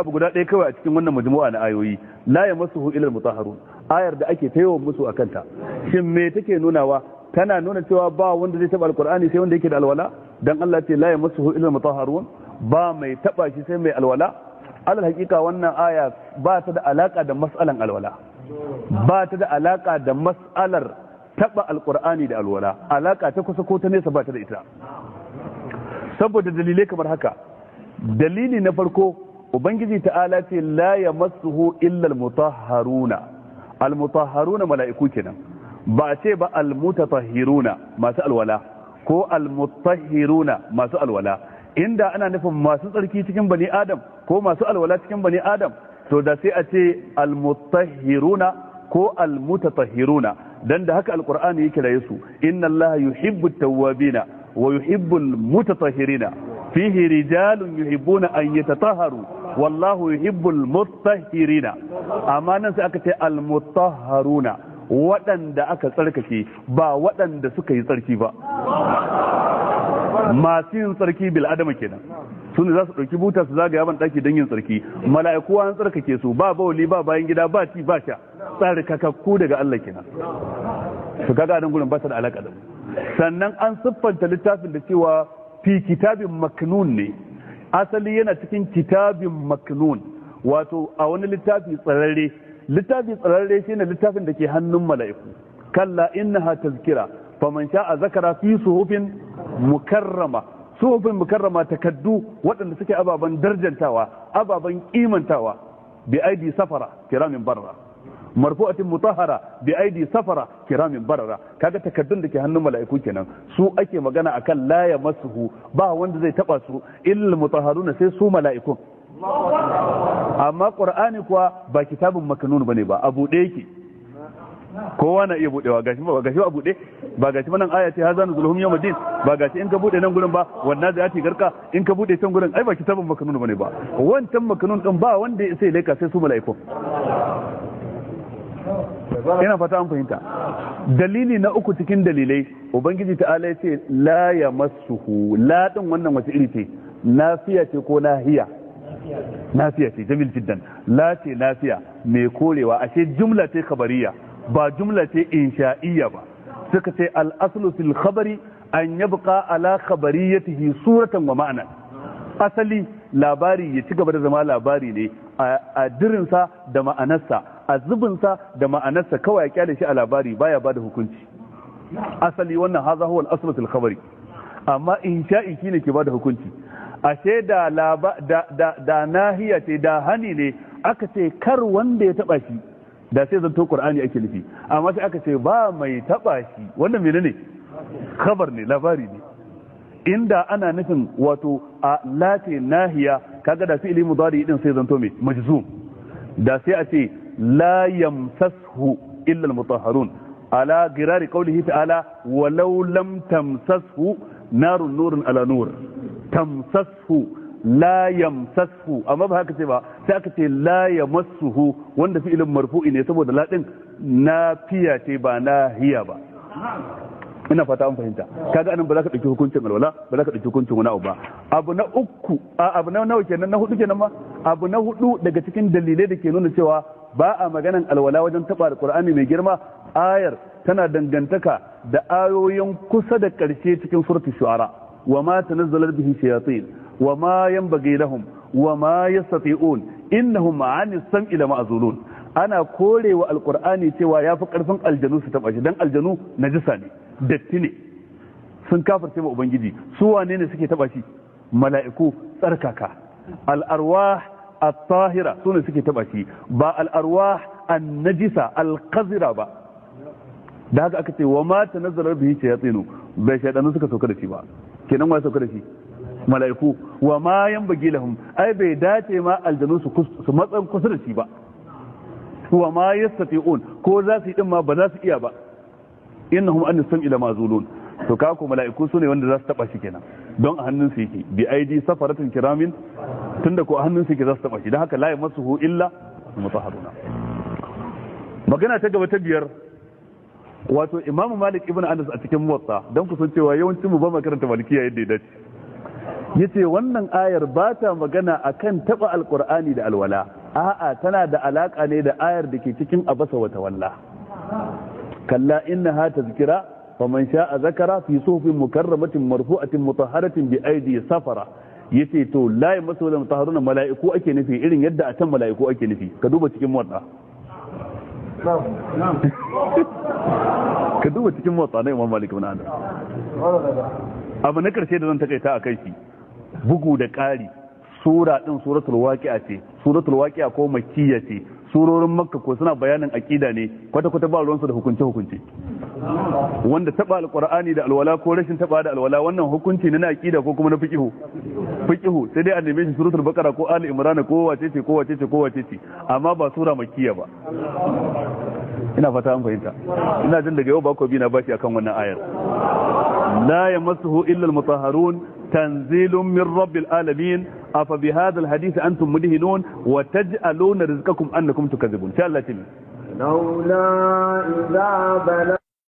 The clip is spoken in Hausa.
abu guda ɗaya kawai a cikin wannan majmu'a na ayoyi la ya masu hu ilal mutahharun ayar da ake taiwa musu a kanta. shin me take nunawa tana nuna cewa ba wanda zai taba alqur'ani sai wanda yake da alwala dan Allah ce la ya masu hu ilal mutahharun ba mai taba shi sai mai alwala alal haqiqa wannan aya ba ta da alaka da mas'alan alwala ba ta da alaka da mas'alar taba alqur'ani da alwala alaka ta kusa ko ta nesa ba ta da ita saboda dalilai kamar haka dalili na farko ubangiji ta'ala ce la ya yamassuhu illa almutahharuna almutahharuna mala'iku kenan ba ce ba almutatahhiruna masu alwala ko almutahhiruna masu alwala inda ana nufin masu tsarki cikin bani adam ko masu alwala cikin bani adam to da sai a ce almutahhiruna ko almutatahhiruna dan da haka alqur'ani yake raye su inna allaha yuhibbu tawwabina wa yuhibbul mutatahhirina فيه رجال يحبون an يتطهروا wallahu يحب mutahhirina amma ننسى sai aka ce al mutahharuna waɗanda aka tsarkake ba waɗanda suka yi tsarki ba masu yin tsarki bil kenan su za su ɗauki buta su zagaya ban ɗaki don yin tsarki mala'iku an tsarkake su ba bawali ba bayan gida ba ci ba sha tsarkakakku daga Allah kenan su kaga nan gurin ba su da alaƙa da sannan an siffanta littafin da cewa fi kitabin maknun ne asali yana cikin kitabin maknun wato a wani littafi tsararre littafi tsararre shine littafin da ke hannun mala'iku kalla innaha tazkira faman sha'a zakara fi suhufin mukarrama suhufin mukarrama takaddu waɗanda suke ababen darjantawa ababen kimantawa bi aidi safara kiramin barra marfu'atin mutahhara bi aidi safara kiramin barara kaga takaddun da ke hannun mala'iku kenan su ake magana akan la ya masuhu ba wanda zai taba su illal mutahharuna sai su mala'ikun amma qur'ani kuwa ba kitabun makanun bane ba abu ɗaya yake kowa na iya budewa gashi ba gashi ba bude ba gashi ba nan aya ce hazan zulhum yawmiddin ba gashi in ka bude nan gurin ba wannan zai ati garka in ka bude can gurin ai ba kitabun makanun bane ba wancan makanun din ba wanda sai laika sai su mala'iku ina fata an fahimta dalili na uku cikin dalilai ubangiji ta'ala ala ce la ya masuhu la din wannan wace iri ce nafiya ce ko nahiya nafiya ce jamil jiddan la ce nafiya mai korewa ashe jumla ce kabariya ba jumla ce insha'iyya ba suka ce al-aslu fil khabari an yabqa ala khabariyatihi suratan wa ma'ana asali labari ya ci gaba da zama labari ne a dirinsa da ma'anarsa a zubinsa da ma'anarsa kawai ya kyale shi a labari baya bada hukunci asali wannan haza huwa al-aslu al khabari amma sha'i shine ke bada hukunci ashe da laba da da, nahiya ce da hani ne aka ce kar wanda ya taba shi da sai zanto qur'ani ake nufi amma sai aka ce ba mai taba shi wannan menene khabar ne labari ne inda ana nufin wato a lati nahiya kaga da fi'li mudari din sai zanto mai majzum da sai a ce لا يمسسه إلا المطهرون على ala girari تعالى ta'ala لم تمسسه نار narun على نور تمسسه لا يمسسه أما amma ba haka ce ba sai aka ce la إن wanda fi'ilin marfu'i ne saboda la din nafiya ba ina fata an fahimta kaga anan ba za ka dauki hukuncin alwala ba za ka dauki hukuncin wani abu ba abu na uku abu nawa kenan na hudu kenan ma abu na hudu daga cikin dalilai da ke nuna cewa ba a maganan alwala wajen taba alqur'ani mai girma ayar tana dangantaka da ayoyin kusa da ƙarshe cikin surati shu'ara wa ma tanazzalat bihi shayatin wa ma yanbaghi lahum wa ma yastati'un innahum 'ani sam'i ma'zulun ana korewa alqur'ani cewa yafi karfin aljanu su taba shi dan aljanu najisa ne datti ne sun kafirce ma ubangiji su wane ne suke taba shi mala'iku tsarkaka al'arwa at-tahira sune suke taba shi ba al-arwah an ba da haka aka ce wa ma tanazzala bihi shayatin bai shaydanu suka sauka da shi ba kenan wai sauka da shi mala'iku wa ma 'yan yanbaghi lahum ai bai dace ma aljanu su su matsan kusa da shi ba wa ma yastati'un ko za su yi din ma ba za su iya ba innahum an sam'i lamazulun to kako mala'iku sune wanda za su taba shi kenan don a hannun su yake bi aidi safaratin kiramin tunda ko hannun su ke za su taba shi don haka la hu illa mutahharuna magana ta gaba ta biyar wato imamu malik ibn anas a cikin motsa, don ku san cewa yawancin mu ba mu karanta malikiya yadda ya dace yace wannan ayar ba ta magana akan taba alqur'ani da alwala a'a tana da alaka ne da ayar da ke cikin abasa wa tawalla kalla innaha tazkira faman sha'a zakara fi suhufin mukarramatin marfu'atin mutahharatin bi aidi safara yace to la yamsu wal mutahharuna mala'iku ake nufi irin yadda a can mala'iku ake nufi ka duba cikin muwatta ka duba cikin muwatta na Imam Malik ibn Anas abu na karshe da zan takaita a kai shi bugu da ƙari sura din suratul waqi'a ce suratul waqi'a ko makkiya ce surorin makka ko suna bayanin aqida ne kwata kwata ba ruwansu da hukunce hukunce wanda taba alqur'ani da alwala ko rashin taba da alwala wannan hukunci ne na aqida ko kuma na fiqh fiqihu sai dai a neme shi suratul baqara ko ali imran ko wace ce ko wace ce ko wace ce amma ba sura makkiya ba ina fata an fahimta ina jin daga yau ba ko bi na bashi akan wannan ayar la yamassuhu illa al-mutahharun tanzilun min rabbil alamin afa bi hadha al-hadith antum mudhinun wa taj'aluna rizqakum annakum tukadzibun sai Allah ya لولا إذا بلغ